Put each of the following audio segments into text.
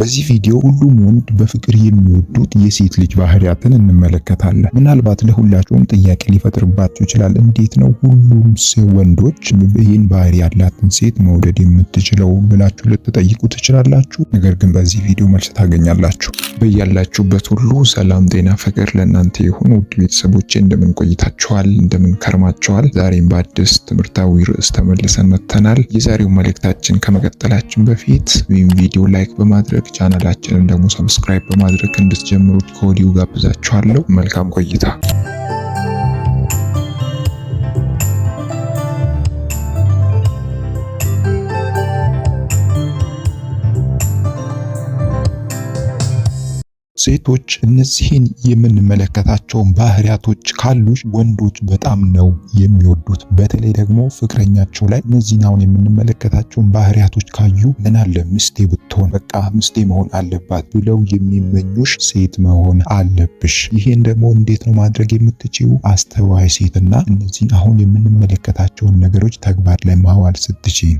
በዚህ ቪዲዮ ሁሉም ወንድ በፍቅር የሚወዱት የሴት ልጅ ባህሪያትን እንመለከታለን። ምናልባት ለሁላችሁም ጥያቄ ሊፈጥርባችሁ ይችላል። እንዴት ነው ሁሉም ወንዶች ይህን ባህሪ ያላትን ሴት መውደድ የምትችለው ብላችሁ ልትጠይቁ ትችላላችሁ። ነገር ግን በዚህ ቪዲዮ መልስ ታገኛላችሁ። በያላችሁበት ሁሉ ሰላም፣ ጤና፣ ፍቅር ለእናንተ ይሁን። ውድ ቤተሰቦቼ እንደምን ቆይታችኋል? እንደምን ከርማችኋል? ዛሬም በአዲስ ትምህርታዊ ርዕስ ተመልሰን መጥተናል። የዛሬው መልእክታችን ከመቀጠላችን በፊት ወይም ቪዲዮ ላይክ በማድረግ በማድረግ ቻናላችንን ደግሞ ሰብስክራይብ በማድረግ እንድትጀምሩት ከወዲሁ ጋብዛችኋለሁ። መልካም ቆይታ ሴቶች እነዚህን የምንመለከታቸውን ባህሪያቶች ካሉሽ ወንዶች በጣም ነው የሚወዱት። በተለይ ደግሞ ፍቅረኛቸው ላይ እነዚህን አሁን የምንመለከታቸውን ባህሪያቶች ካዩ ምን አለ ምስቴ ብትሆን በቃ ምስቴ መሆን አለባት ብለው የሚመኙሽ ሴት መሆን አለብሽ። ይሄን ደግሞ እንዴት ነው ማድረግ የምትችው? አስተዋይ ሴትና እነዚህን አሁን የምንመለከታቸውን ነገሮች ተግባር ላይ ማዋል ስትችል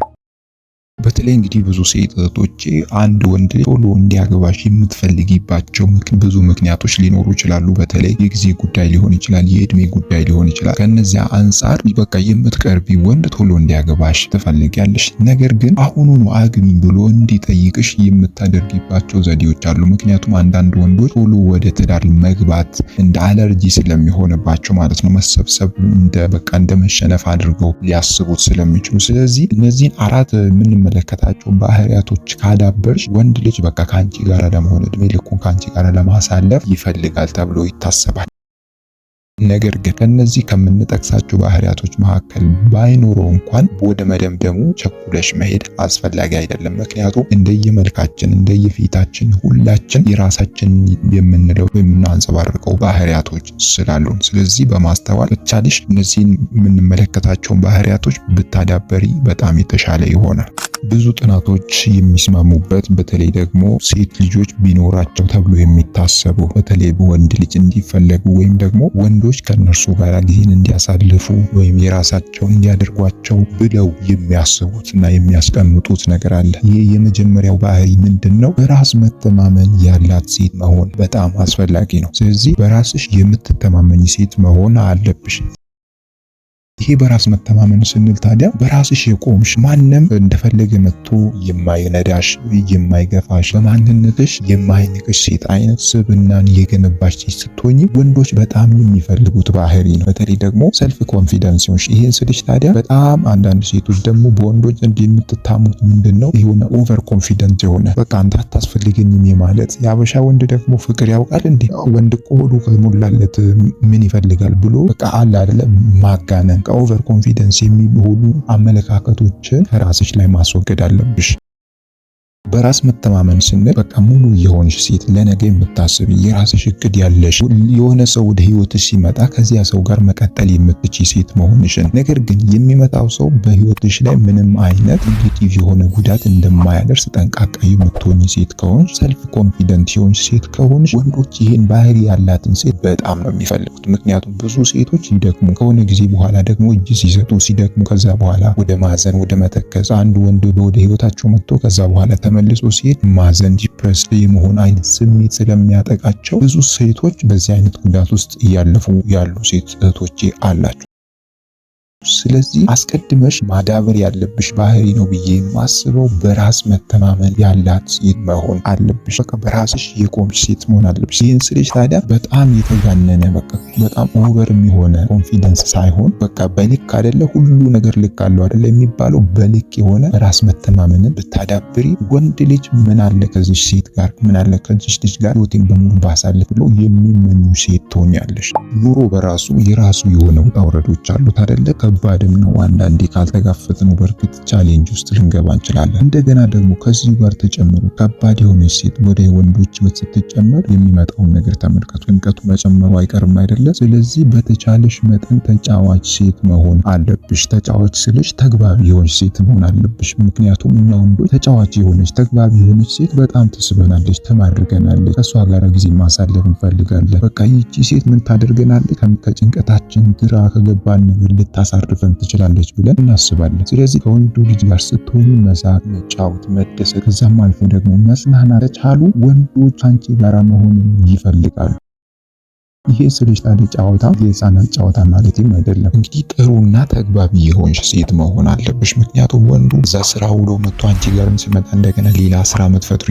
በተለይ እንግዲህ ብዙ ሴት እህቶቼ አንድ ወንድ ቶሎ እንዲያገባሽ የምትፈልጊባቸው ብዙ ምክንያቶች ሊኖሩ ይችላሉ። በተለይ የጊዜ ጉዳይ ሊሆን ይችላል፣ የእድሜ ጉዳይ ሊሆን ይችላል። ከነዚያ አንጻር በቃ የምትቀርቢ ወንድ ቶሎ እንዲያገባሽ ትፈልጊያለሽ። ነገር ግን አሁኑኑ አግቢኝ ብሎ እንዲጠይቅሽ የምታደርጊባቸው ዘዴዎች አሉ። ምክንያቱም አንዳንድ ወንዶች ቶሎ ወደ ትዳር መግባት እንደ አለርጂ ስለሚሆንባቸው ማለት ነው መሰብሰብ እንደ በቃ እንደ መሸነፍ አድርገው ሊያስቡት ስለሚችሉ ስለዚህ እነዚህን አራት ምን የምትመለከታቸው ባህሪያቶች ካዳበርሽ ወንድ ልጅ በቃ ከአንቺ ጋር ለመሆን እድሜ ልኩን ከአንቺ ጋር ለማሳለፍ ይፈልጋል ተብሎ ይታሰባል። ነገር ግን ከነዚህ ከምንጠቅሳቸው ባህሪያቶች መካከል ባይኖረው እንኳን ወደ መደምደሙ ቸኩለሽ መሄድ አስፈላጊ አይደለም። ምክንያቱም እንደየመልካችን እንደየፊታችን ሁላችን የራሳችን የምንለው የምናንጸባርቀው ባህሪያቶች ስላሉን፣ ስለዚህ በማስተዋል ብቻልሽ እነዚህን የምንመለከታቸውን ባህሪያቶች ብታዳበሪ በጣም የተሻለ ይሆናል። ብዙ ጥናቶች የሚስማሙበት በተለይ ደግሞ ሴት ልጆች ቢኖራቸው ተብሎ የሚታሰቡ በተለይ በወንድ ልጅ እንዲፈለጉ ወይም ደግሞ ወንዶች ከነርሱ ጋር ጊዜን እንዲያሳልፉ ወይም የራሳቸውን እንዲያደርጓቸው ብለው የሚያስቡት እና የሚያስቀምጡት ነገር አለ። ይህ የመጀመሪያው ባህሪ ምንድን ነው? በራስ መተማመን ያላት ሴት መሆን በጣም አስፈላጊ ነው። ስለዚህ በራስሽ የምትተማመኝ ሴት መሆን አለብሽ። ይሄ በራስ መተማመን ስንል ታዲያ በራስሽ የቆምሽ ማንም እንደፈለገ መጥቶ የማይነዳሽ የማይገፋሽ በማንነትሽ የማይንቅሽ ሴት አይነት ስብናን የገነባሽ ሴት ስትሆኝ ወንዶች በጣም የሚፈልጉት ባህሪ ነው። በተለይ ደግሞ ሰልፍ ኮንፊደንስ ሲሆንሽ። ይህን ስልሽ ታዲያ በጣም አንዳንድ ሴቶች ደግሞ በወንዶች ዘንድ የምትታሙት ምንድን ነው? የሆነ ኦቨር ኮንፊደንት የሆነ በቃ አንተ አታስፈልገኝም የማለት የአበሻ ወንድ ደግሞ ፍቅር ያውቃል እንዴ! ወንድ እኮ ከሞላለት ምን ይፈልጋል ብሎ በቃ አለ አይደለም ማጋነን በቃ ኦቨር ኮንፊደንስ የሚሆኑ አመለካከቶችን ከራስሽ ላይ ማስወገድ አለብሽ። በራስ መተማመን ስንል በቃ ሙሉ የሆንሽ ሴት ለነገ የምታስብ የራስሽ እቅድ ያለሽ የሆነ ሰው ወደ ህይወትሽ ሲመጣ ከዚያ ሰው ጋር መቀጠል የምትች ሴት መሆንሽን። ነገር ግን የሚመጣው ሰው በህይወትሽ ላይ ምንም አይነት ኔጌቲቭ የሆነ ጉዳት እንደማያደርስ ጠንቃቃ የምትሆን ሴት ከሆንሽ፣ ሰልፍ ኮንፊደንት የሆንሽ ሴት ከሆንሽ ወንዶች ይህን ባህሪ ያላትን ሴት በጣም ነው የሚፈልጉት። ምክንያቱም ብዙ ሴቶች ሲደክሙ ከሆነ ጊዜ በኋላ ደግሞ እጅ ሲሰጡ ሲደክሙ፣ ከዛ በኋላ ወደ ማዘን ወደ መተከዝ አንድ ወንድ ወደ ህይወታቸው መጥቶ ከዛ በኋላ ተመልሶ ሲሄድ ማዘን፣ ዲፕረስድ የመሆን አይነት ስሜት ስለሚያጠቃቸው ብዙ ሴቶች በዚህ አይነት ጉዳት ውስጥ እያለፉ ያሉ ሴት እህቶቼ አላቸው። ስለዚህ አስቀድመሽ ማዳበር ያለብሽ ባህሪ ነው ብዬ የማስበው በራስ መተማመን ያላት ሴት መሆን አለብሽ። በቃ በራስሽ የቆምሽ ሴት መሆን አለብሽ። ይህን ስልሽ ታዲያ በጣም የተጋነነ በቃ በጣም ኦቨር የሆነ ኮንፊደንስ ሳይሆን በቃ በልክ አይደለ ሁሉ ነገር ልክ አለው አደለ የሚባለው በልክ የሆነ ራስ መተማመንን ብታዳብሪ ወንድ ልጅ ምን አለ ከዚሽ ሴት ጋር ምን አለ ከዚሽ ልጅ ጋር ህይወቴን በሙሉ ባሳልፍ ብሎ የሚመኙ ሴት ትሆኛለሽ። ኑሮ በራሱ የራሱ የሆነ ውጣ ውረዶች አሉት አደለ ከባድም ነው። አንዳንዴ ካልተጋፈጥነው በእርግጥ ቻሌንጅ ውስጥ ልንገባ እንችላለን። እንደገና ደግሞ ከዚሁ ጋር ተጨምሮ ከባድ የሆነች ሴት ወደ ወንዶች ህይወት ስትጨመር የሚመጣውን ነገር ተመልከቱ። ጭንቀቱ መጨመሩ አይቀርም አይደለ? ስለዚህ በተቻለሽ መጠን ተጫዋች ሴት መሆን አለብሽ። ተጫዋች ስልሽ ተግባቢ የሆነች ሴት መሆን አለብሽ። ምክንያቱም እኛ ወንዶች ተጫዋች የሆነች ተግባቢ የሆነች ሴት በጣም ትስበናለች፣ ትማድርገናለች። ከእሷ ጋር ጊዜ ማሳለፍ እንፈልጋለን። በቃ ይቺ ሴት ምን ታደርገናለች? ከጭንቀታችን ግራ ከገባን ነገር ልታሳ ልታሳርፈን ትችላለች ብለን እናስባለን። ስለዚህ ከወንዱ ልጅ ጋር ስትሆኑ መሳቅ፣ መጫወት፣ መደሰት ከዛም አልፎ ደግሞ መጽናናት ከቻሉ ወንዶች አንቺ ጋራ መሆንን ይፈልጋሉ። ይሄ ስልሽ ታዲያ የህፃናት ጫወታ ማለትም አይደለም። እንግዲህ ጥሩና ተግባቢ የሆንሽ ሴት መሆን አለብሽ። ምክንያቱም ወንዱ እዛ ስራ ውሎ መጥቶ አንቺ ጋርም ሲመጣ እንደገና ሌላ ስራ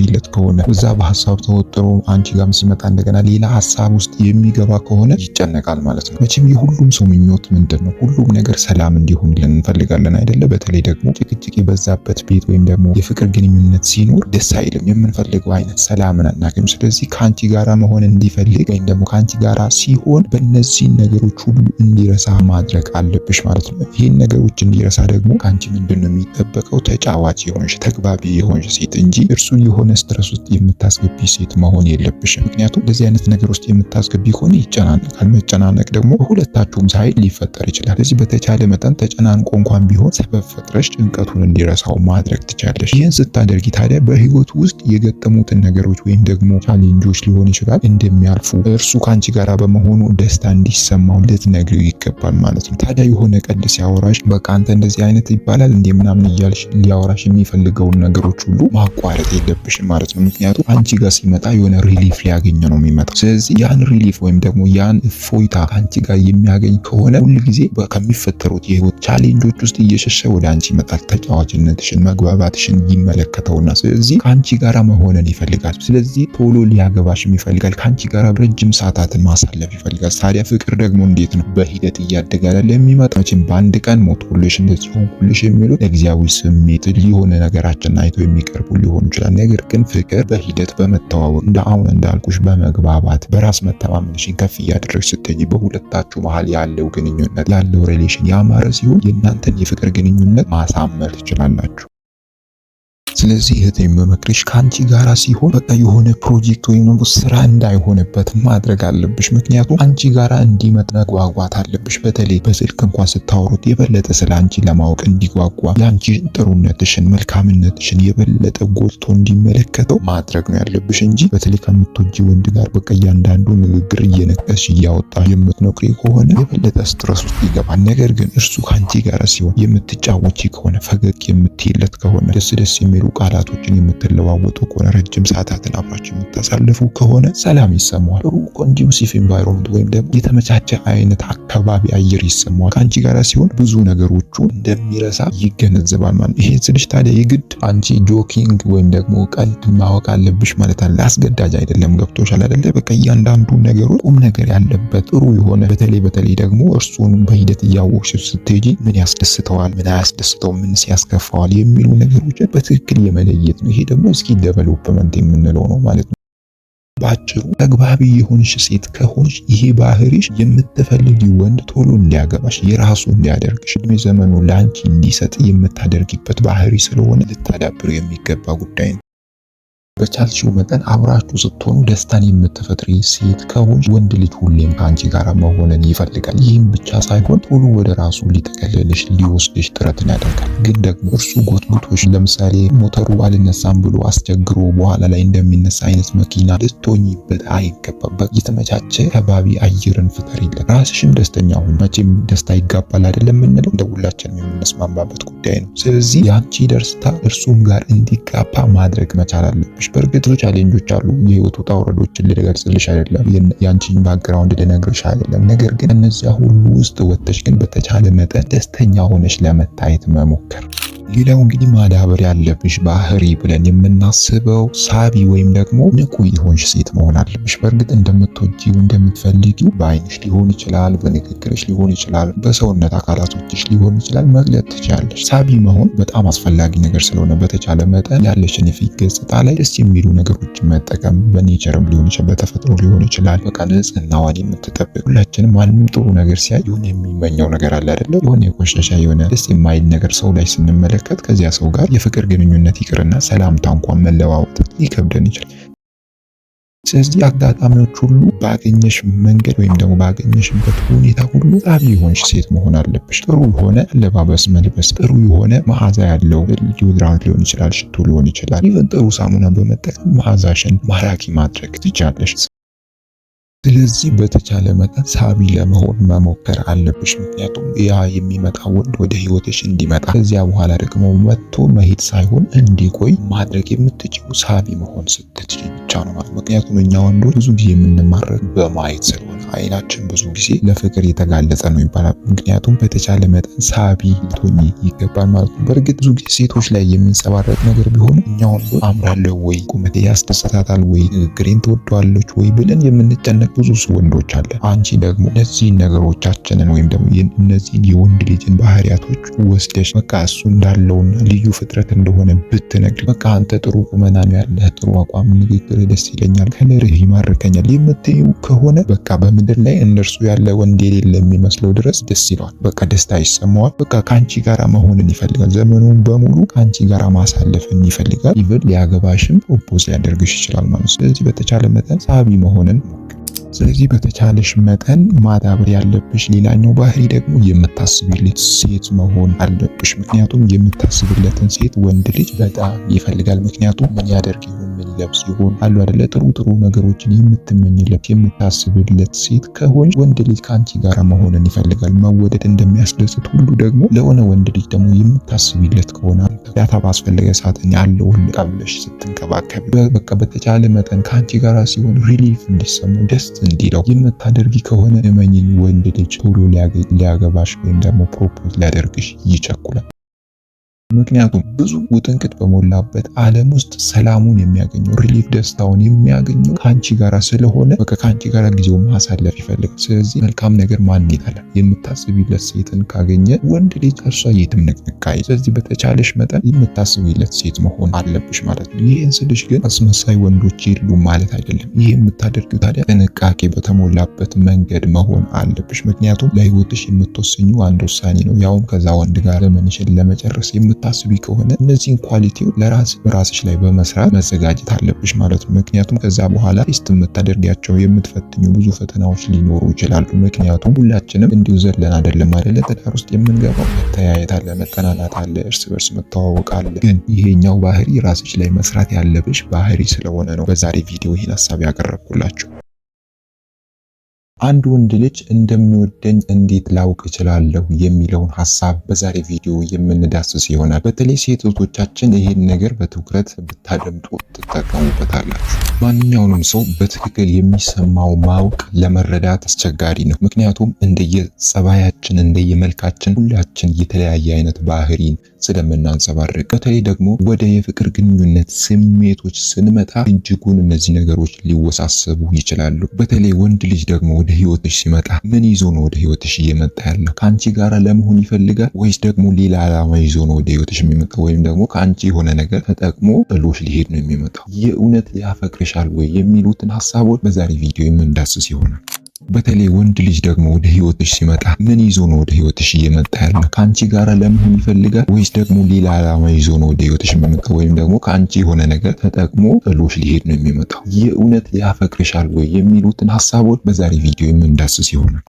ይለት ከሆነ እዛ በሀሳብ ተወጥሮ አንቺ ጋርም ሲመጣ እንደገና ሌላ ሀሳብ ውስጥ የሚገባ ከሆነ ይጨነቃል ማለት ነው። መቼም የሁሉም ሰው ምኞት ምንድን ነው? ሁሉም ነገር ሰላም እንዲሆንልን እንፈልጋለን አይደለ? በተለይ ደግሞ ጭቅጭቅ የበዛበት ቤት ወይም ደግሞ የፍቅር ግንኙነት ሲኖር ደስ አይልም። የምንፈልገው አይነት ሰላምን አናገኝም። ስለዚህ ከአንቺ ጋራ መሆን እንዲፈልግ ወይም ደግሞ ከአንቺ ጋራ ሲሆን በእነዚህን ነገሮች ሁሉ እንዲረሳ ማድረግ አለብሽ ማለት ነው። ይህን ነገሮች እንዲረሳ ደግሞ ከአንቺ ምንድን ነው የሚጠበቀው? ተጫዋች የሆንሽ ተግባቢ የሆንሽ ሴት እንጂ እርሱን የሆነ ስትረስ ውስጥ የምታስገቢ ሴት መሆን የለብሽም። ምክንያቱም እንደዚህ አይነት ነገር ውስጥ የምታስገቢ ከሆነ ይጨናነቃል። መጨናነቅ ደግሞ በሁለታችሁም ሳይል ሊፈጠር ይችላል። ስለዚህ በተቻለ መጠን ተጨናንቆ እንኳን ቢሆን ሰበብ ፈጥረሽ ጭንቀቱን እንዲረሳው ማድረግ ትቻለሽ። ይህን ስታደርጊ ታዲያ በህይወቱ ውስጥ የገጠሙትን ነገሮች ወይም ደግሞ ቻሌንጆች ሊሆን ይችላል እንደሚያልፉ እርሱ ከአንቺ ጋር በመሆኑ ደስታ እንዲሰማው ልትነግሪው ይገባል ማለት ነው። ታዲያ የሆነ ቀን ሲያወራሽ በቃ አንተ እንደዚህ አይነት ይባላል እንደ ምናምን እያልሽ ሊያወራሽ የሚፈልገውን ነገሮች ሁሉ ማቋረጥ የለብሽም ማለት ነው። ምክንያቱም አንቺ ጋር ሲመጣ የሆነ ሪሊፍ ሊያገኝ ነው የሚመጣው። ስለዚህ ያን ሪሊፍ ወይም ደግሞ ያን እፎይታ አንቺ ጋር የሚያገኝ ከሆነ ጊዜ ከሚፈጠሩት የህይወት ቻሌንጆች ውስጥ እየሸሸ ወደ አንቺ ይመጣል። ተጫዋችነትሽን፣ መግባባትሽን ይመለከተውና ስለዚህ ከአንቺ ጋራ መሆንን ይፈልጋል። ስለዚህ ቶሎ ሊያገባሽም ይፈልጋል። ከአንቺ ጋራ ረጅም ሰዓታትን ማሳ ማሳለፍ ይፈልጋል። ታዲያ ፍቅር ደግሞ እንዴት ነው? በሂደት እያደገ አይደል የሚመጣው? መቼም በአንድ ቀን ሞትኩልሽ፣ እንደዚህ ሆንኩልሽ የሚሉ ለጊዜያዊ ስሜት ሊሆነ ነገራችን አይቶ የሚቀርቡ ሊሆን ይችላል። ነገር ግን ፍቅር በሂደት በመተዋወቅ እንደ አሁን እንዳልኩሽ በመግባባት በራስ መተማመንሽን ከፍ እያደረግሽ ስትሄጂ በሁለታችሁ መሀል ያለው ግንኙነት ያለው ሪሌሽን ያማረ ሲሆን የእናንተን የፍቅር ግንኙነት ማሳመር ትችላላችሁ። ስለዚህ እህቴ የምመክርሽ ከአንቺ ጋር ሲሆን በቃ የሆነ ፕሮጀክት ወይም ደግሞ ስራ እንዳይሆንበት ማድረግ አለብሽ። ምክንያቱም አንቺ ጋራ እንዲመጥ መጓጓት አለብሽ። በተለይ በስልክ እንኳን ስታወሩት የበለጠ ስለ አንቺ ለማወቅ እንዲጓጓ የአንቺ ጥሩነትሽን፣ መልካምነትሽን የበለጠ ጎልቶ እንዲመለከተው ማድረግ ነው ያለብሽ እንጂ በተለይ ከምትወጂ ወንድ ጋር በቃ እያንዳንዱ ንግግር እየነቀሽ እያወጣ የምትነቅሪ ከሆነ የበለጠ ስትረስ ውስጥ ይገባል። ነገር ግን እርሱ ከአንቺ ጋር ሲሆን የምትጫወቺ ከሆነ ፈገግ የምትይለት ከሆነ ደስ ደስ የሚሉ ቃላቶችን የምትለዋወጡ ከሆነ ረጅም ሰዓታትን አብራችሁ የምታሳልፉ ከሆነ ሰላም ይሰማዋል። ጥሩ ኮንዲዩሲቭ ኢንቫይሮንመንት ወይም ደግሞ የተመቻቸ አይነት አካባቢ አየር ይሰማዋል። ከአንቺ ጋር ሲሆን ብዙ ነገሮቹ እንደሚረሳ ይገነዘባል ማለት ይሄ ስልሽ ታዲያ የግድ አንቺ ጆኪንግ ወይም ደግሞ ቀልድ ማወቅ አለብሽ ማለት አለ አስገዳጅ አይደለም። ገብቶሻል አይደለ? በቃ እያንዳንዱ ነገሮች ቁም ነገር ያለበት ጥሩ የሆነ በተለይ በተለይ ደግሞ እርሱን በሂደት እያወቅሽ ስትሄጂ ምን ያስደስተዋል፣ ምን አያስደስተው፣ ምን ሲያስከፋዋል የሚሉ ነገሮችን በትክክል ስኪል የመለየት ነው። ይሄ ደግሞ ስኪል ዴቨሎፕመንት የምንለው ነው ማለት ነው። ባጭሩ ተግባቢ የሆንሽ ሴት ከሆንሽ ይሄ ባህሪሽ የምትፈልጊ ወንድ ቶሎ እንዲያገባሽ የራሱ እንዲያደርግሽ እድሜ ዘመኑ ለአንቺ እንዲሰጥ የምታደርጊበት ባህሪ ስለሆነ ልታዳብሩ የሚገባ ጉዳይ ነው። በቻልሽው መጠን አብራችሁ ስትሆኑ ደስታን የምትፈጥሪ ሴት ከሆንሽ ወንድ ልጅ ሁሌም ከአንቺ ጋር መሆንን ይፈልጋል። ይህም ብቻ ሳይሆን ቶሎ ወደ ራሱ ሊጠቀልልሽ፣ ሊወስድሽ ጥረትን ያደርጋል። ግን ደግሞ እርሱ ጎትጉቶሽ፣ ለምሳሌ ሞተሩ አልነሳም ብሎ አስቸግሮ በኋላ ላይ እንደሚነሳ አይነት መኪና ልትሆኝበት አይገባበት። የተመቻቸ ከባቢ አየርን ፍጠሪለት፣ ራስሽም ደስተኛ ሁን። መቼም ደስታ ይጋባል አይደለም የምንለው እንደ ሁላችንም የምንስማማበት ጉዳይ ነው። ስለዚህ የአንቺ ደስታ እርሱም ጋር እንዲጋባ ማድረግ መቻል አለብሽ። ቻሌንጆች በእርግጥ ቻሌንጆች አሉ። የህይወት ውጣ ውረዶችን ልገልጽልሽ አይደለም፣ የአንቺን ባክግራውንድ ልነግርሽ አይደለም። ነገር ግን እነዚያ ሁሉ ውስጥ ወጥተሽ ግን በተቻለ መጠን ደስተኛ ሆነሽ ለመታየት መሞከር ሌላው እንግዲህ ማዳበር ያለብሽ ባህሪ ብለን የምናስበው ሳቢ ወይም ደግሞ ንቁ የሆንሽ ሴት መሆን አለብሽ። በእርግጥ እንደምትወጂው እንደምትፈልጊው በአይንሽ ሊሆን ይችላል፣ በንግግርሽ ሊሆን ይችላል፣ በሰውነት አካላቶችሽ ሊሆን ይችላል መግለጥ ትችላለሽ። ሳቢ መሆን በጣም አስፈላጊ ነገር ስለሆነ በተቻለ መጠን ያለሽን የፊት ገጽታ ላይ ደስ የሚሉ ነገሮችን መጠቀም በኔቸርም ሊሆን ይችላል፣ በተፈጥሮ ሊሆን ይችላል። በቃ ንጽህናዋን የምትጠብቅ ሁላችንም ማንም ጥሩ ነገር ሲያይ የሆነ የሚመኘው ነገር አለ አይደለም የሆነ የቆሻሻ የሆነ ደስ የማይል ነገር ሰው ላይ ስንመለ ስንመለከት ከዚያ ሰው ጋር የፍቅር ግንኙነት ይቅርና ሰላምታ እንኳን መለዋወጥ ሊከብደን ይችላል። ስለዚህ አጋጣሚዎች ሁሉ ባገኘሽ መንገድ ወይም ደግሞ ባገኘሽበት ሁኔታ ሁሉ ጣቢ የሆንሽ ሴት መሆን አለብሽ። ጥሩ የሆነ አለባበስ መልበስ፣ ጥሩ የሆነ መዓዛ ያለው ዲዮድራንት ሊሆን ይችላል፣ ሽቶ ሊሆን ይችላል። ይህን ጥሩ ሳሙና በመጠቀም መዓዛሽን ማራኪ ማድረግ ትቻለሽ። ስለዚህ በተቻለ መጠን ሳቢ ለመሆን መሞከር አለብሽ። ምክንያቱም ያ የሚመጣ ወንድ ወደ ህይወትሽ እንዲመጣ ከዚያ በኋላ ደግሞ መጥቶ መሄድ ሳይሆን እንዲቆይ ማድረግ የምትችሉ ሳቢ መሆን ስትችል ብቻ ነው ማለት። ምክንያቱም እኛ ወንዶች ብዙ ጊዜ የምንማረክ በማየት ስለሆነ አይናችን ብዙ ጊዜ ለፍቅር የተጋለጸ ነው ይባላል። ምክንያቱም በተቻለ መጠን ሳቢ ልትሆኚ ይገባል ማለት ነው። በእርግጥ ብዙ ጊዜ ሴቶች ላይ የሚንጸባረቅ ነገር ቢሆን እኛ ወንዶች አምራለሁ ወይ፣ ቁመቴ ያስደስታታል ወይ፣ ንግግሬን ትወደዋለች ወይ ብለን የምንጨነቅ ብዙ ወንዶች አለ አንቺ ደግሞ እነዚህን ነገሮቻችንን ወይም ደግሞ እነዚህን የወንድ ልጅን ባህሪያቶች ወስደሽ በቃ እሱ እንዳለውና ልዩ ፍጥረት እንደሆነ ብትነግሪ፣ በቃ አንተ ጥሩ ቁመና ነው ጥሩ አቋም፣ ንግግር ደስ ይለኛል፣ ከለርህ ይማርከኛል የምትዩ ከሆነ በቃ በምድር ላይ እነርሱ ያለ ወንድ የሌለ የሚመስለው ድረስ ደስ ይለዋል። በቃ ደስታ ይሰማዋል። በቃ ከአንቺ ጋራ መሆንን ይፈልጋል። ዘመኑን በሙሉ ከአንቺ ጋራ ማሳለፍን ይፈልጋል። ይብል ሊያገባሽም ፕሮፖዝ ሊያደርግሽ ይችላል ማለት። ስለዚህ በተቻለ መጠን ሳቢ መሆንን ስለዚህ በተቻለሽ መጠን ማዳበር ያለብሽ ሌላኛው ባህሪ ደግሞ የምታስብለት ሴት መሆን አለብሽ። ምክንያቱም የምታስብለትን ሴት ወንድ ልጅ በጣም ይፈልጋል። ምክንያቱም ምን ያደርግ ይሁን ምን ይለብስ ይሁን አሉ አደለ ጥሩ ጥሩ ነገሮችን የምትመኝለት የምታስብለት ሴት ከሆን ወንድ ልጅ ከአንቺ ጋር መሆንን ይፈልጋል። መወደድ እንደሚያስደስት ሁሉ ደግሞ ለሆነ ወንድ ልጅ ደግሞ የምታስብለት ከሆነ ዳታ ባስፈለገ ሰዓት ያለውን ቀብለሽ ስትንከባከቢ በቃ በተቻለ መጠን ከአንቺ ጋር ሲሆን ሪሊፍ እንዲሰማው ደስ እንዲለው የምታደርጊ ከሆነ እመኝኝ ወንድ ልጅ ቶሎ ሊያገባሽ ወይም ደግሞ ፕሮፖዝ ሊያደርግሽ ይቸኩላል። ምክንያቱም ብዙ ውጥንቅጥ በሞላበት ዓለም ውስጥ ሰላሙን የሚያገኘው ሪሊፍ ደስታውን የሚያገኘው ከአንቺ ጋራ ስለሆነ በቃ ከአንቺ ጋራ ጊዜው ማሳለፍ ይፈልጋል። ስለዚህ መልካም ነገር ማን ይጠላል? የምታስቢለት ሴትን ካገኘ ወንድ ልጅ ከእሷ የትም ንቅንቃይ። ስለዚህ በተቻለሽ መጠን የምታስቢለት ሴት መሆን አለብሽ ማለት ነው። ይህን ስልሽ ግን አስመሳይ ወንዶች የሉም ማለት አይደለም። ይህ የምታደርግ ታዲያ ጥንቃቄ በተሞላበት መንገድ መሆን አለብሽ። ምክንያቱም ለህይወትሽ የምትወስኙ አንድ ውሳኔ ነው፣ ያውም ከዛ ወንድ ጋር ዘመንሽን ለመጨረስ የምታ የምታስቢ ከሆነ እነዚህን ኳሊቲው ለራስ በራስሽ ላይ በመስራት መዘጋጀት አለብሽ ማለት ነው። ምክንያቱም ከዛ በኋላ ቴስት የምታደርጊያቸው የምትፈትኙ ብዙ ፈተናዎች ሊኖሩ ይችላሉ። ምክንያቱም ሁላችንም እንዲሁ ዘለን አይደለም አይደለ? ትዳር ውስጥ የምንገባው መተያየት አለ፣ መጠናናት አለ፣ እርስ በርስ መተዋወቅ አለ። ግን ይሄኛው ባህሪ ራስሽ ላይ መስራት ያለብሽ ባህሪ ስለሆነ ነው በዛሬ ቪዲዮ ይህን ሀሳብ ያቀረብኩላቸው። አንድ ወንድ ልጅ እንደሚወደኝ እንዴት ላውቅ እችላለሁ የሚለውን ሀሳብ በዛሬ ቪዲዮ የምንዳስስ ይሆናል። በተለይ ሴቶቻችን እህቶቻችን ይህን ነገር በትኩረት ብታደምጡ ትጠቀሙበታላችሁ። ማንኛውንም ሰው በትክክል የሚሰማው ማወቅ ለመረዳት አስቸጋሪ ነው። ምክንያቱም እንደየጸባያችን፣ እንደየመልካችን ሁላችን የተለያየ አይነት ባህሪን ስለምናንጸባርቅ፣ በተለይ ደግሞ ወደ የፍቅር ግንኙነት ስሜቶች ስንመጣ እጅጉን እነዚህ ነገሮች ሊወሳሰቡ ይችላሉ። በተለይ ወንድ ልጅ ደግሞ ወደ ህይወትሽ ሲመጣ ምን ይዞ ነው ወደ ህይወትሽ እየመጣ ያለው? ከአንቺ ጋር ለመሆን ይፈልጋል ወይስ ደግሞ ሌላ ዓላማ ይዞ ነው ወደ ህይወትሽ የሚመጣ ወይም ደግሞ ከአንቺ የሆነ ነገር ተጠቅሞ ጥሎሽ ሊሄድ ነው የሚመጣው? የእውነት ያፈቅርሻል ወይ የሚሉትን ሀሳቦች በዛሬ ቪዲዮ የምንዳስስ ይሆናል። በተለይ ወንድ ልጅ ደግሞ ወደ ህይወትሽ ሲመጣ ምን ይዞ ነው ወደ ህይወትሽ እየመጣ ያለው? ከአንቺ ጋር ለመሆን ይፈልጋል ወይስ ደግሞ ሌላ ዓላማ ይዞ ነው ወደ ህይወትሽ የሚመጣ? ወይም ደግሞ ከአንቺ የሆነ ነገር ተጠቅሞ ጥሎሽ ሊሄድ ነው የሚመጣው? የእውነት ያፈቅርሻል ወይ የሚሉትን ሀሳቦች በዛሬ ቪዲዮ የምንዳስስ ይሆናል።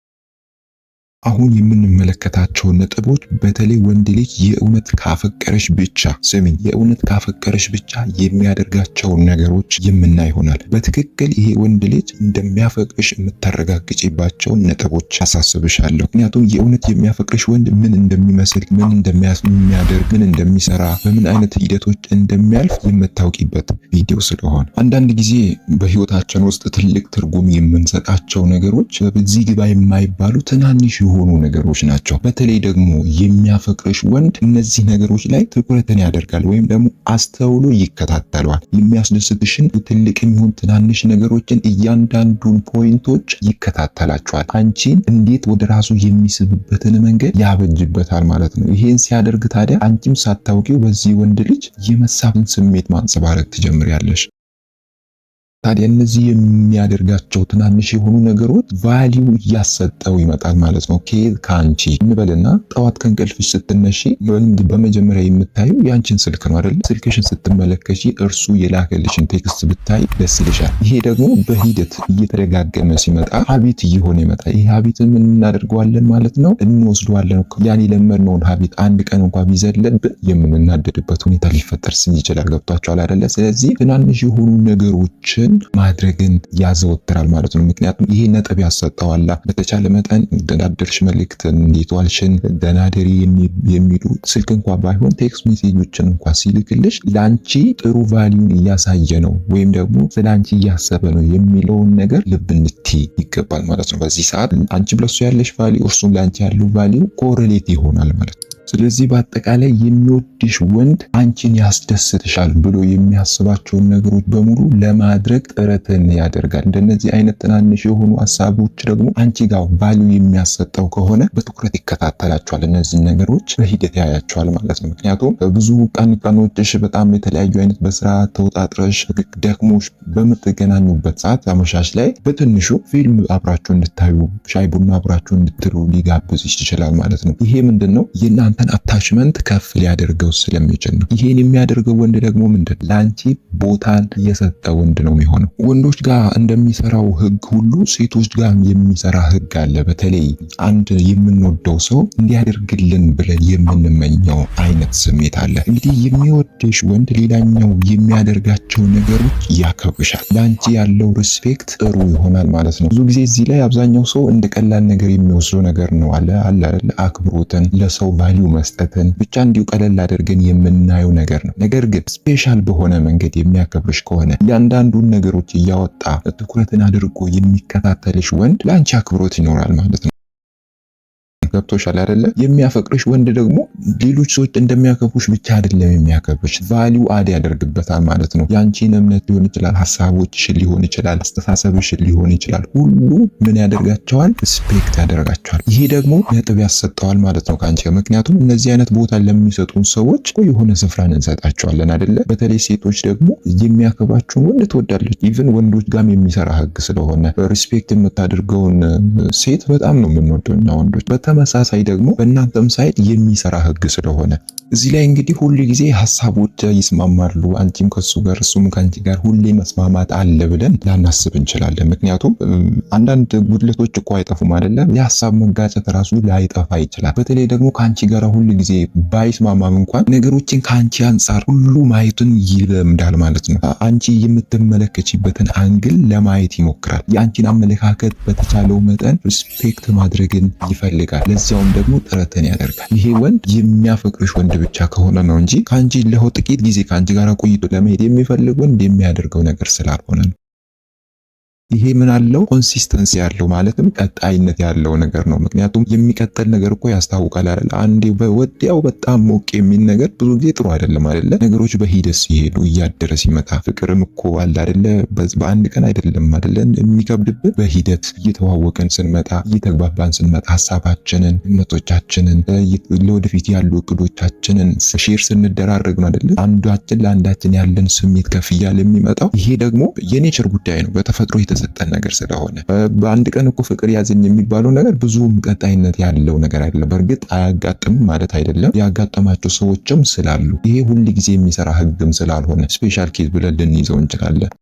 አሁን የምንመለከታቸው ነጥቦች በተለይ ወንድ ልጅ የእውነት ካፈቀረሽ ብቻ ስሚኝ፣ የእውነት ካፈቀረሽ ብቻ የሚያደርጋቸውን ነገሮች የምናይ ይሆናል። በትክክል ይሄ ወንድ ልጅ እንደሚያፈቅርሽ የምታረጋግጪባቸውን ነጥቦች አሳስብሻለሁ። ምክንያቱም የእውነት የሚያፈቅርሽ ወንድ ምን እንደሚመስል፣ ምን እንደሚያደርግ፣ ምን እንደሚሰራ፣ በምን አይነት ሂደቶች እንደሚያልፍ የምታውቂበት ቪዲዮ ስለሆነ አንዳንድ ጊዜ በህይወታችን ውስጥ ትልቅ ትርጉም የምንሰጣቸው ነገሮች በዚህ ግባ የማይባሉ ትናንሽ የሆኑ ነገሮች ናቸው። በተለይ ደግሞ የሚያፈቅርሽ ወንድ እነዚህ ነገሮች ላይ ትኩረትን ያደርጋል ወይም ደግሞ አስተውሎ ይከታተሏል። የሚያስደስትሽን ትልቅ የሚሆን ትናንሽ ነገሮችን እያንዳንዱን ፖይንቶች ይከታተላቸዋል። አንቺን እንዴት ወደ ራሱ የሚስብበትን መንገድ ያበጅበታል ማለት ነው። ይሄን ሲያደርግ ታዲያ አንቺም ሳታውቂው በዚህ ወንድ ልጅ የመሳብን ስሜት ማንጸባረቅ ትጀምሪያለሽ። ታዲያ እነዚህ የሚያደርጋቸው ትናንሽ የሆኑ ነገሮች ቫሊዩ እያሰጠው ይመጣል ማለት ነው። ከየት ከአንቺ እንበልና ጠዋት ከእንቅልፍሽ ስትነሺ በመጀመሪያ የምታዩ የአንቺን ስልክ ነው አይደል? ስልክሽን ስትመለከሺ እርሱ የላከልሽን ቴክስት ብታይ ደስ ይልሻል። ይሄ ደግሞ በሂደት እየተደጋገመ ሲመጣ ሀቢት እየሆነ ይመጣ። ይሄ ሀቢት ምን እናደርገዋለን ማለት ነው? እንወስደዋለን። ያን የለመድነውን ሀቢት አንድ ቀን እንኳ ቢዘለብን የምንናደድበት ሁኔታ ሊፈጠር ይችላል። ገብቷቸዋል አይደለ? ስለዚህ ትናንሽ የሆኑ ነገሮችን በደንብ ማድረግን ያዘወትራል ማለት ነው። ምክንያቱም ይህ ነጥብ ያሰጠዋላ። በተቻለ መጠን ደናደርሽ መልእክት፣ እንዴት ዋልሽን፣ ደናደሪ የሚሉ ስልክ እንኳ ባይሆን ቴክስት ሜሴጆችን እንኳ ሲልክልሽ ለአንቺ ጥሩ ቫሊዩን እያሳየ ነው ወይም ደግሞ ስለ አንቺ እያሰበ ነው የሚለውን ነገር ልብ እንድትይ ይገባል ማለት ነው። በዚህ ሰዓት አንቺ ብለሱ ያለሽ ቫሊዩ እርሱም ለአንቺ ያለው ቫሊዩ ኮረሌት ይሆናል ማለት ነው። ስለዚህ በአጠቃላይ የሚወድሽ ወንድ አንቺን ያስደስትሻል ብሎ የሚያስባቸውን ነገሮች በሙሉ ለማድረግ ጥረትን ያደርጋል። እንደነዚህ አይነት ትናንሽ የሆኑ ሀሳቦች ደግሞ አንቺ ጋር ቫልዩ የሚያሰጠው ከሆነ በትኩረት ይከታተላቸዋል። እነዚህ ነገሮች በሂደት ያያቸዋል ማለት ነው። ምክንያቱም ብዙ ቀን ቀኖችሽ በጣም የተለያዩ አይነት በስራ ተወጣጥረሽ ደክሞሽ በምትገናኙበት ሰዓት አመሻሽ ላይ በትንሹ ፊልም አብራችሁ እንድታዩ፣ ሻይ ቡና አብራችሁ እንድትሉ ሊጋብዝሽ ይችላል ማለት ነው። ይሄ ምንድን ነው የና ያንተን አታችመንት ከፍ ሊያደርገው ስለሚችል ነው። ይሄን የሚያደርገው ወንድ ደግሞ ምንድን ለአንቺ ቦታን የሰጠ ወንድ ነው የሚሆነው። ወንዶች ጋር እንደሚሰራው ህግ ሁሉ ሴቶች ጋር የሚሰራ ህግ አለ። በተለይ አንድ የምንወደው ሰው እንዲያደርግልን ብለን የምንመኘው አይነት ስሜት አለ። እንግዲህ የሚወድሽ ወንድ ሌላኛው የሚያደርጋቸው ነገሮች ያከብሻል። ለአንቺ ያለው ሪስፔክት ጥሩ ይሆናል ማለት ነው። ብዙ ጊዜ እዚህ ላይ አብዛኛው ሰው እንደ ቀላል ነገር የሚወስደው ነገር ነው አለ አለ አክብሮትን ለሰው ቫሊዩ መስጠትን ብቻ እንዲሁ ቀለል አድርገን የምናየው ነገር ነው። ነገር ግን ስፔሻል በሆነ መንገድ የሚያከብርሽ ከሆነ እያንዳንዱን ነገሮች እያወጣ ትኩረትን አድርጎ የሚከታተልሽ ወንድ ለአንቺ አክብሮት ይኖራል ማለት ነው። ገብቶሻል አይደለ? የሚያፈቅርሽ ወንድ ደግሞ ሌሎች ሰዎች እንደሚያከብሩሽ ብቻ አይደለም የሚያከብርሽ፣ ቫሊዩ አድ ያደርግበታል ማለት ነው። ያንቺን እምነት ሊሆን ይችላል፣ ሀሳቦች ሊሆን ይችላል፣ አስተሳሰብሽ ሊሆን ይችላል። ሁሉ ምን ያደርጋቸዋል? ሪስፔክት ያደርጋቸዋል። ይሄ ደግሞ ነጥብ ያሰጠዋል ማለት ነው ከአንቺ። ምክንያቱም እነዚህ አይነት ቦታ ለሚሰጡን ሰዎች የሆነ ስፍራን እንሰጣቸዋለን አይደለ? በተለይ ሴቶች ደግሞ የሚያከባቸውን ወንድ ትወዳለች። ኢቨን ወንዶች ጋም የሚሰራ ህግ ስለሆነ ሪስፔክት የምታደርገውን ሴት በጣም ነው የምንወደው ወንዶች በተመሳሳይ ደግሞ በእናንተም ሳይድ የሚሰራ ህግ ስለሆነ እዚህ ላይ እንግዲህ ሁል ጊዜ ሀሳቦች ይስማማሉ። አንቺም ከሱ ጋር እሱም ከአንቺ ጋር ሁሌ መስማማት አለ ብለን ላናስብ እንችላለን። ምክንያቱም አንዳንድ ጉድለቶች እኮ አይጠፉም አይደለም የሀሳብ መጋጨት ራሱ ላይጠፋ ይችላል። በተለይ ደግሞ ከአንቺ ጋር ሁል ጊዜ ባይስማማም እንኳን ነገሮችን ከአንቺ አንጻር ሁሉ ማየቱን ይለምዳል ማለት ነው። አንቺ የምትመለከችበትን አንግል ለማየት ይሞክራል። የአንቺን አመለካከት በተቻለው መጠን ሪስፔክት ማድረግን ይፈልጋል። ለዚያውም ደግሞ ጥረትን ያደርጋል። ይሄ ወንድ የሚያፈቅርሽ ወንድ ወንድ ብቻ ከሆነ ነው እንጂ ከአንቺ ለሆ ጥቂት ጊዜ ከአንቺ ጋር ቆይቶ ለመሄድ የሚፈልግ ወንድ የሚያደርገው ነገር ስላልሆነ ነው። ይሄ ምን አለው ኮንሲስተንሲ ያለው ማለትም ቀጣይነት ያለው ነገር ነው። ምክንያቱም የሚቀጥል ነገር እኮ ያስታውቃል አይደል? አንዴ ወዲያው በጣም ሞቅ የሚል ነገር ብዙ ጊዜ ጥሩ አይደለም አይደለ? ነገሮች በሂደት ሲሄዱ እያደረ ሲመጣ ፍቅርም እኮ አለ አይደለ? በአንድ ቀን አይደለም አይደለ? የሚከብድብን በሂደት እየተዋወቀን ስንመጣ፣ እየተግባባን ስንመጣ ሀሳባችንን፣ እምነቶቻችንን፣ ለወደፊት ያሉ እቅዶቻችንን ሼር ስንደራረግ ነው አይደለ? አንዳችን ለአንዳችን ያለን ስሜት ከፍ እያለ የሚመጣው ይሄ ደግሞ የኔቸር ጉዳይ ነው በተፈጥሮ የተሰጠን ነገር ስለሆነ በአንድ ቀን እኮ ፍቅር ያዘኝ የሚባለው ነገር ብዙም ቀጣይነት ያለው ነገር አይደለም። በእርግጥ አያጋጥምም ማለት አይደለም፣ ያጋጠማቸው ሰዎችም ስላሉ ይሄ ሁል ጊዜ የሚሰራ ህግም ስላልሆነ ስፔሻል ኬዝ ብለን ልንይዘው እንችላለን።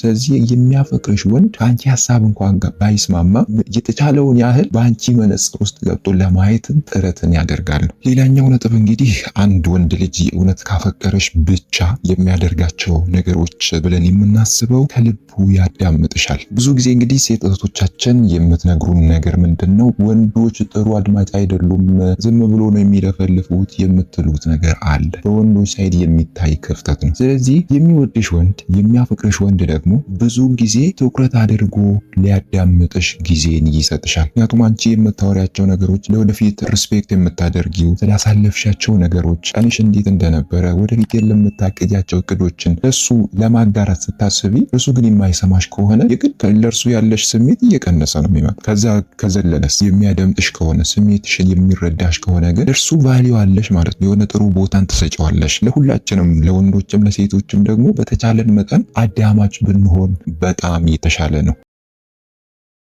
ስለዚህ የሚያፈቅርሽ ወንድ አንቺ ሀሳብ እንኳን ባይስማማ የተቻለውን ያህል በአንቺ መነጽር ውስጥ ገብቶ ለማየትን ጥረትን ያደርጋሉ። ሌላኛው ነጥብ እንግዲህ አንድ ወንድ ልጅ እውነት ካፈቀረሽ ብቻ የሚያደርጋቸው ነገሮች ብለን የምናስበው ከልቡ ያዳምጥሻል። ብዙ ጊዜ እንግዲህ ሴት እህቶቻችን የምትነግሩን ነገር ምንድን ነው? ወንዶች ጥሩ አድማጭ አይደሉም፣ ዝም ብሎ ነው የሚለፈልፉት የምትሉት ነገር አለ። በወንዶች ሳይድ የሚታይ ክፍተት ነው። ስለዚህ የሚወድሽ ወንድ የሚያፈቅርሽ ወንድ ደግሞ ደግሞ ብዙውን ጊዜ ትኩረት አድርጎ ሊያዳምጥሽ ጊዜን ይሰጥሻል። ምክንያቱም አንቺ የምታወሪያቸው ነገሮች፣ ለወደፊት ሪስፔክት የምታደርጊው ስላሳለፍሻቸው ነገሮች፣ ቀንሽ እንዴት እንደነበረ፣ ወደፊት ለምታቅጃቸው እቅዶችን ለሱ ለማጋራት ስታስቢ እሱ ግን የማይሰማሽ ከሆነ የግድ ለእርሱ ያለሽ ስሜት እየቀነሰ ነው የሚመጣ። ከዛ ከዘለለስ የሚያደምጥሽ ከሆነ ስሜትሽን የሚረዳሽ ከሆነ ግን እርሱ ቫሊዩ አለሽ ማለት ነው። የሆነ ጥሩ ቦታን ትሰጫዋለሽ። ለሁላችንም ለወንዶችም ለሴቶችም ደግሞ በተቻለን መጠን አዳማጭ ብንሆን በጣም የተሻለ ነው።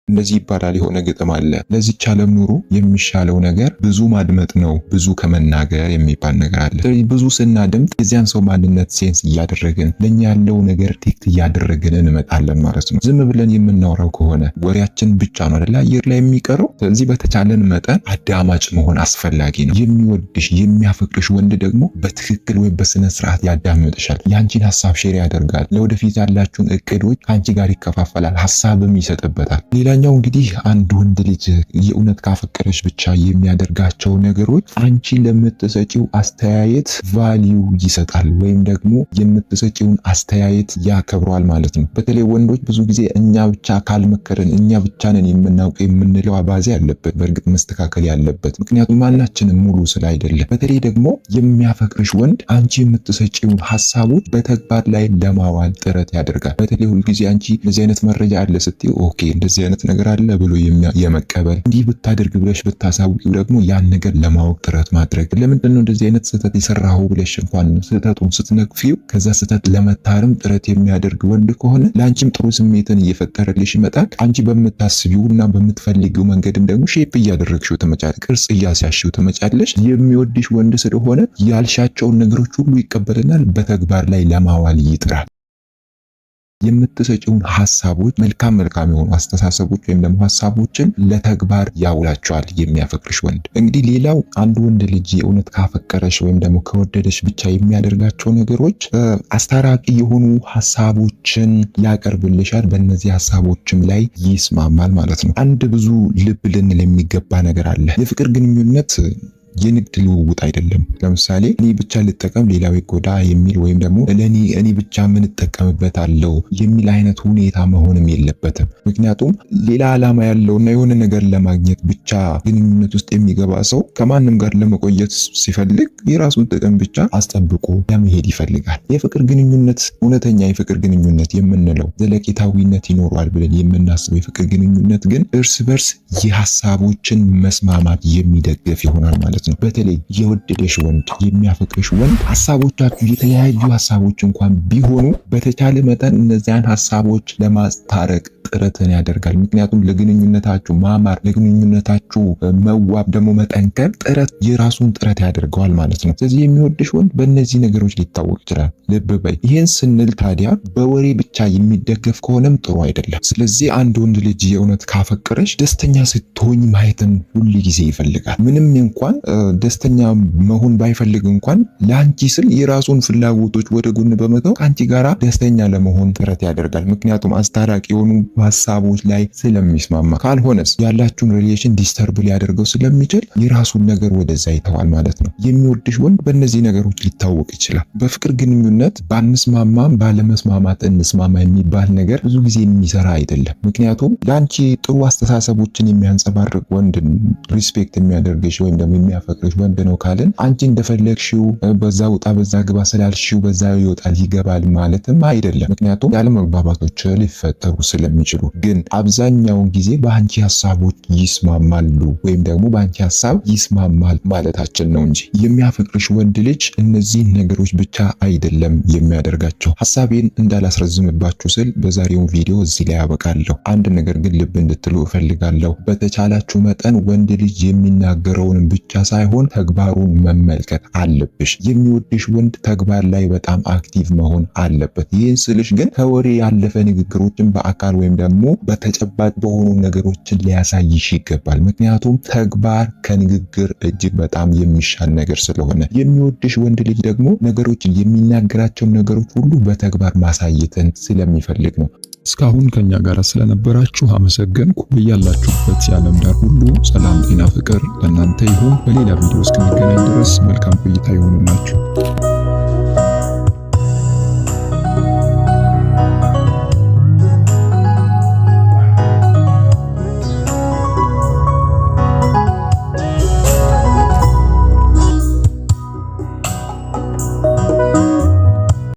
እንደዚህ ይባላል። የሆነ ግጥም አለ። ለዚች ዓለም ኑሮ የሚሻለው ነገር ብዙ ማድመጥ ነው ብዙ ከመናገር የሚባል ነገር አለ። ብዙ ስናድምጥ የዚያን ሰው ማንነት ሴንስ እያደረግን ለእኛ ያለው ነገር ቴክት እያደረግን እንመጣለን ማለት ነው። ዝም ብለን የምናወራው ከሆነ ወሬያችን ብቻ ነው አደለ አየር ላይ የሚቀረው። ስለዚህ በተቻለን መጠን አዳማጭ መሆን አስፈላጊ ነው። የሚወድሽ የሚያፈቅርሽ ወንድ ደግሞ በትክክል ወይም በስነ ስርዓት ያዳምጥሻል። የአንቺን ሀሳብ ሼር ያደርጋል። ለወደፊት ያላችሁን እቅዶች ከአንቺ ጋር ይከፋፈላል፣ ሀሳብም ይሰጥበታል። ሌላ ሌላኛው እንግዲህ አንድ ወንድ ልጅ የእውነት ካፈቀረች ብቻ የሚያደርጋቸው ነገሮች አንቺ ለምትሰጪው አስተያየት ቫሊዩ ይሰጣል ወይም ደግሞ የምትሰጪውን አስተያየት ያከብረዋል ማለት ነው። በተለይ ወንዶች ብዙ ጊዜ እኛ ብቻ ካልመከረን እኛ ብቻ ነን የምናውቀው የምንለው አባዜ አለበት፣ በእርግጥ መስተካከል ያለበት ምክንያቱም ማናችንም ሙሉ ስለ አይደለም። በተለይ ደግሞ የሚያፈቅርሽ ወንድ አንቺ የምትሰጪውን ሀሳቦች በተግባር ላይ ለማዋል ጥረት ያደርጋል። በተለይ ሁልጊዜ አንቺ እንደዚህ አይነት መረጃ አለ ስትይ ኦኬ እንደዚህ አይነት ነገር አለ ብሎ የመቀበል እንዲህ ብታደርግ ብለሽ ብታሳውቂው ደግሞ ያን ነገር ለማወቅ ጥረት ማድረግ ለምንድን ነው እንደዚህ አይነት ስህተት የሰራኸው ብለሽ እንኳን ስህተቱን ስትነቅፊው ከዛ ስህተት ለመታረም ጥረት የሚያደርግ ወንድ ከሆነ ለአንቺም ጥሩ ስሜትን እየፈጠረልሽ ይመጣል። አንቺ በምታስቢው እና በምትፈልጊው መንገድም ደግሞ ሼፕ እያደረግሽው ትመጫለሽ፣ ቅርጽ እያስያሽው ትመጫለሽ። የሚወድሽ ወንድ ስለሆነ ያልሻቸውን ነገሮች ሁሉ ይቀበልናል፣ በተግባር ላይ ለማዋል ይጥራል። የምትሰጪውን ሀሳቦች መልካም መልካም የሆኑ አስተሳሰቦች ወይም ደግሞ ሀሳቦችን ለተግባር ያውላቸዋል የሚያፈቅርሽ ወንድ። እንግዲህ ሌላው አንድ ወንድ ልጅ የእውነት ካፈቀረሽ ወይም ደግሞ ከወደደሽ ብቻ የሚያደርጋቸው ነገሮች አስታራቂ የሆኑ ሀሳቦችን ያቀርብልሻል። በእነዚህ ሀሳቦችም ላይ ይስማማል ማለት ነው። አንድ ብዙ ልብ ልንል የሚገባ ነገር አለ። የፍቅር ግንኙነት የንግድ ልውውጥ አይደለም። ለምሳሌ እኔ ብቻ ልጠቀም፣ ሌላው ይጎዳ የሚል ወይም ደግሞ ለእኔ እኔ ብቻ ምንጠቀምበት አለው የሚል አይነት ሁኔታ መሆንም የለበትም። ምክንያቱም ሌላ ዓላማ ያለውና የሆነ ነገር ለማግኘት ብቻ ግንኙነት ውስጥ የሚገባ ሰው ከማንም ጋር ለመቆየት ሲፈልግ የራሱን ጥቅም ብቻ አስጠብቆ ለመሄድ ይፈልጋል። የፍቅር ግንኙነት እውነተኛ የፍቅር ግንኙነት የምንለው ዘለቄታዊነት ይኖረዋል ብለን የምናስበው የፍቅር ግንኙነት ግን እርስ በርስ የሀሳቦችን መስማማት የሚደገፍ ይሆናል ማለት ነው። ነው። በተለይ የወደደሽ ወንድ የሚያፈቅርሽ ወንድ ሀሳቦቻችሁ የተለያዩ ሀሳቦች እንኳን ቢሆኑ በተቻለ መጠን እነዚያን ሀሳቦች ለማስታረቅ ጥረትን ያደርጋል። ምክንያቱም ለግንኙነታችሁ ማማር፣ ለግንኙነታችሁ መዋብ ደግሞ መጠንከር ጥረት የራሱን ጥረት ያደርገዋል ማለት ነው። ስለዚህ የሚወድሽ ወንድ በእነዚህ ነገሮች ሊታወቅ ይችላል። ልብ በይ። ይህን ስንል ታዲያ በወሬ ብቻ የሚደገፍ ከሆነም ጥሩ አይደለም። ስለዚህ አንድ ወንድ ልጅ የእውነት ካፈቀረሽ ደስተኛ ስትሆኝ ማየትን ሁል ጊዜ ይፈልጋል። ምንም እንኳን ደስተኛ መሆን ባይፈልግ እንኳን ለአንቺ ስል የራሱን ፍላጎቶች ወደ ጎን በመተው ከአንቺ ጋራ ደስተኛ ለመሆን ጥረት ያደርጋል። ምክንያቱም አስታራቂ የሆኑ በሀሳቦች ላይ ስለሚስማማ፣ ካልሆነስ ያላችሁን ሪሌሽን ዲስተርብ ሊያደርገው ስለሚችል የራሱን ነገር ወደዛ ይተዋል ማለት ነው። የሚወድሽ ወንድ በእነዚህ ነገሮች ሊታወቅ ይችላል። በፍቅር ግንኙነት ባንስማማም ባለመስማማት እንስማማ የሚባል ነገር ብዙ ጊዜ የሚሰራ አይደለም። ምክንያቱም ለአንቺ ጥሩ አስተሳሰቦችን የሚያንጸባርቅ ወንድ ሪስፔክት የሚያደርግሽ ወይም ደግሞ የሚያፈቅርሽ ወንድ ነው ካልን አንቺ እንደፈለግሽው በዛ ውጣ በዛ ግባ ስላልሽው በዛ ይወጣል ይገባል ማለትም አይደለም። ምክንያቱም ያለመግባባቶች ሊፈጠሩ ስለሚ የሚችሉ ግን አብዛኛውን ጊዜ በአንቺ ሀሳቦች ይስማማሉ ወይም ደግሞ በአንቺ ሀሳብ ይስማማል ማለታችን ነው እንጂ የሚያፈቅርሽ ወንድ ልጅ እነዚህን ነገሮች ብቻ አይደለም የሚያደርጋቸው። ሀሳቤን እንዳላስረዝምባችሁ ስል በዛሬው ቪዲዮ እዚህ ላይ ያበቃለሁ። አንድ ነገር ግን ልብ እንድትሉ እፈልጋለሁ። በተቻላችሁ መጠን ወንድ ልጅ የሚናገረውን ብቻ ሳይሆን ተግባሩን መመልከት አለብሽ። የሚወድሽ ወንድ ተግባር ላይ በጣም አክቲቭ መሆን አለበት። ይህን ስልሽ ግን ከወሬ ያለፈ ንግግሮችን በአካል ወይም ደግሞ በተጨባጭ በሆኑ ነገሮችን ሊያሳይሽ ይገባል። ምክንያቱም ተግባር ከንግግር እጅግ በጣም የሚሻል ነገር ስለሆነ የሚወድሽ ወንድ ልጅ ደግሞ ነገሮችን የሚናገራቸውን ነገሮች ሁሉ በተግባር ማሳየትን ስለሚፈልግ ነው። እስካሁን ከኛ ጋር ስለነበራችሁ አመሰገንኩ። በያላችሁበት የዓለም ዳር ሁሉ ሰላም፣ ጤና፣ ፍቅር ለእናንተ ይሁን። በሌላ ቪዲዮ እስክንገናኝ ድረስ መልካም ቆይታ ይሁንላችሁ።